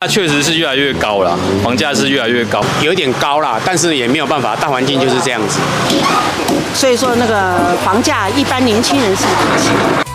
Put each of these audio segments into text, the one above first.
它確實是越來越高了，房價是越來越高，有一點高啦，但是也沒有辦法，大環境就是這樣子。所以說，那個房價一般年輕人是不行。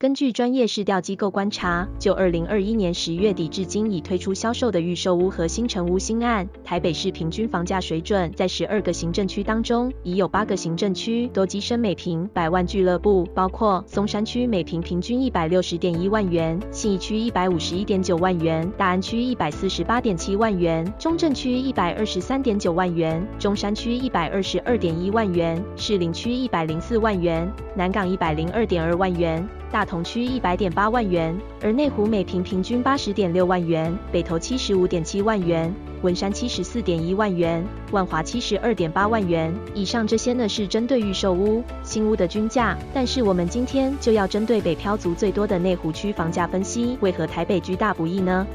根據專業市調機構觀察，就二零二一年十月底至今已推出銷售的預售屋和新成屋新案，台北市平均房價水準在十二個行政區當中，已有八個行政區都躋身每坪百萬俱樂部，包括松山區每坪平均一百六十點一萬元，信義區一百五十一點九萬元，大安區一百四十八點七萬元，中正區一百二十三點九萬元，中山區一百二十二點一萬元，士林區一百零四萬元，南港一百零二點二萬元。大同區一百點八萬元，而內湖每坪平均八十點六萬元，北投七十五點七萬元，文山七十四點一萬元，萬華七十二點八萬元。以上這些呢是針對預售屋、新屋的均價。但是我們今天就要針對北漂族最多的內湖區房價分析，為何台北居大不易呢？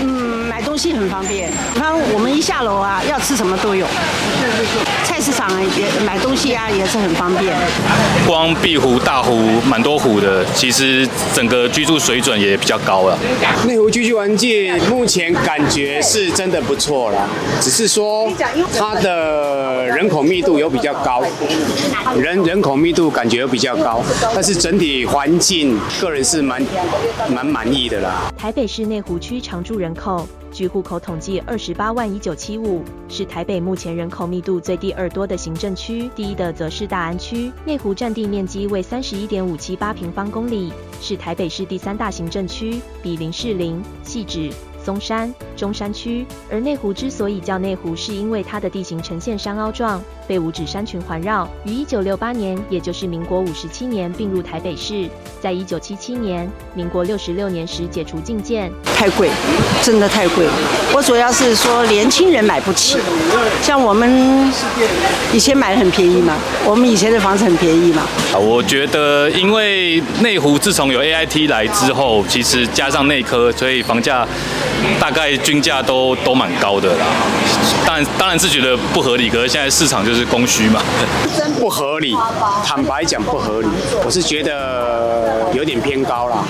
嗯，買東西很方便。你看我們一下樓啊，要吃什麼都有。菜市場也買東西啊，也是很方便。光碧湖、大湖，蠻多湖的。其實整個居住水準也比較高了。內湖居住環境目前感覺是真的不錯啦，只是說它的人口密度有比較高，人人口密度感覺有比較高，但是整體環境個人是蠻蠻滿意的啦。台北市內湖區常住人。人口，據戶口統計，二十八萬一九七五，是台北目前人口密度最第二多的行政區。第一的則是大安區，內湖佔地面積為三十一點五七八平方公里，是台北市第三大行政區，比鄰士林、汐止、松山、中山區，而內湖之所以叫內湖，是因為它的地形呈現山凹狀，被五指山群環繞。於一九六八年，也就是民國五十七年，併入台北市。在一九七七年，民國六十六年時解除禁建。太貴，真的太貴。我主要是說年輕人買不起，像我們以前買的很便宜嘛，我們以前的房子很便宜嘛。啊，我覺得因為內湖自從有 AIT 來之後，其實加上內科，所以房價大概，均價都都蠻高的啦，當然當然是覺得不合理。可是現在市場就是供需嘛，不合理，坦白講不合理。我是覺得有點偏高啦，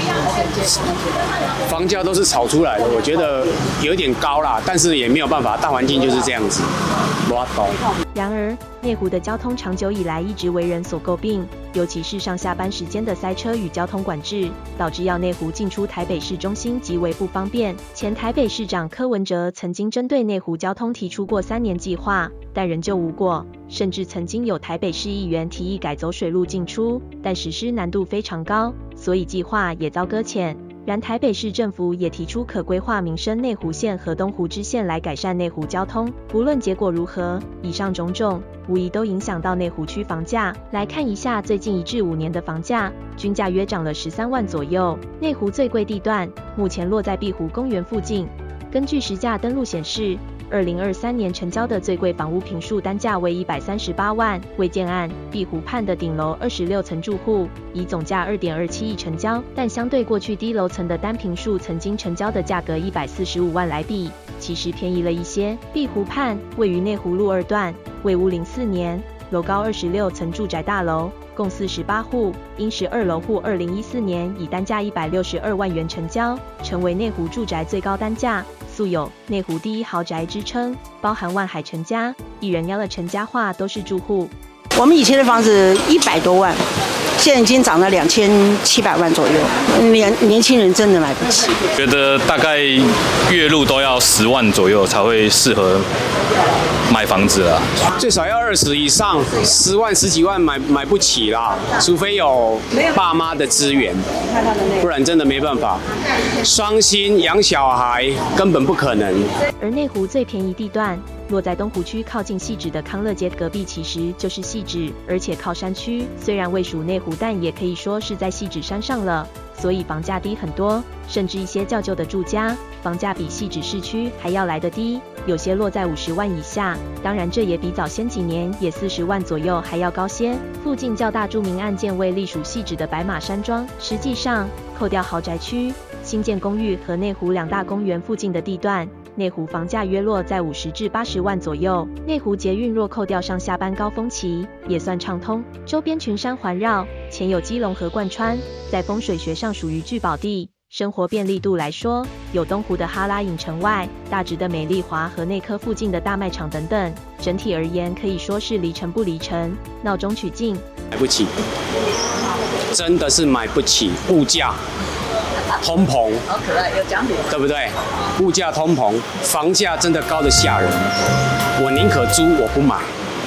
房價都是炒出來的，我覺得有點高啦，但是也沒有辦法，大環境就是這樣子。然而，內湖的交通長久以來一直為人所詬病，尤其是上下班時間的塞車與交通管制，導致要內湖進出台北市中心極為不方便。前台北市長柯文哲曾經針對內湖交通提出過三年計劃，但仍舊無果，甚至曾經有台北市議員提議改走水路進出，但實施難度非常高，所以計劃也遭擱淺。然台北市政府也提出可規劃民生內湖線和東湖支線來改善內湖交通，不論結果如何，以上種種無疑都影響到內湖區房價。來看一下最近一至五年的房價均價約漲了十三萬左右。內湖最貴地段目前落在碧湖公園附近，根據實價登錄顯示，二零二三年成交的最貴房屋坪數單價為一百三十八萬，為建案碧湖畔的頂樓二十六層住戶，以總價二點二七億成交，但相對過去低樓層的單坪數曾經成交的價格一百四十五萬來比，其實便宜了一些。碧湖畔位於內湖路二段，位屋零四年，樓高二十六層住宅大樓，共四十八戶，因十二樓戶二零一四年以單價一百六十二萬元成交，成為內湖住宅最高單價。素有內湖第一豪宅之稱，包含萬海陳家、一人幺的陳家，話都是住戶。我們以前的房子一百多萬。現在已經漲了兩千七百萬左右，年年輕人真的買不起。覺得大概月入都要十萬左右才會適合買房子啊。最少要二十以上，十萬十幾萬買買不起啦，除非有爸媽的資源，不然真的沒辦法。雙薪養小孩根本不可能。而內湖最便宜地段。落在東湖區靠近汐止的康樂街隔壁，其實就是汐止，而且靠山區。雖然位屬內湖，但也可以說是在汐止山上了，所以房價低很多，甚至一些較舊的住家，房價比汐止市區還要來得低，有些落在五十萬以下。當然，這也比早先幾年也四十萬左右還要高些。附近較大著名案件為隸屬汐止的白馬山莊，實際上扣掉豪宅區、新建公寓和內湖兩大公園附近的地段。內湖房價約落在五十至八十萬左右，內湖捷運若扣掉上下班高峰期也算暢通，周邊群山環繞，前有基隆河貫穿，在風水學上屬於聚寶地。生活便利度來說，有東湖的哈拉影城外、大直的美麗華和內科附近的大賣場等等，整體而言可以說是離城不離城，鬧中取靜。買不起，真的是買不起，物價。通膨好可愛，有品，對不對？物價通膨，房價真的高的嚇人，我寧可租，我不買。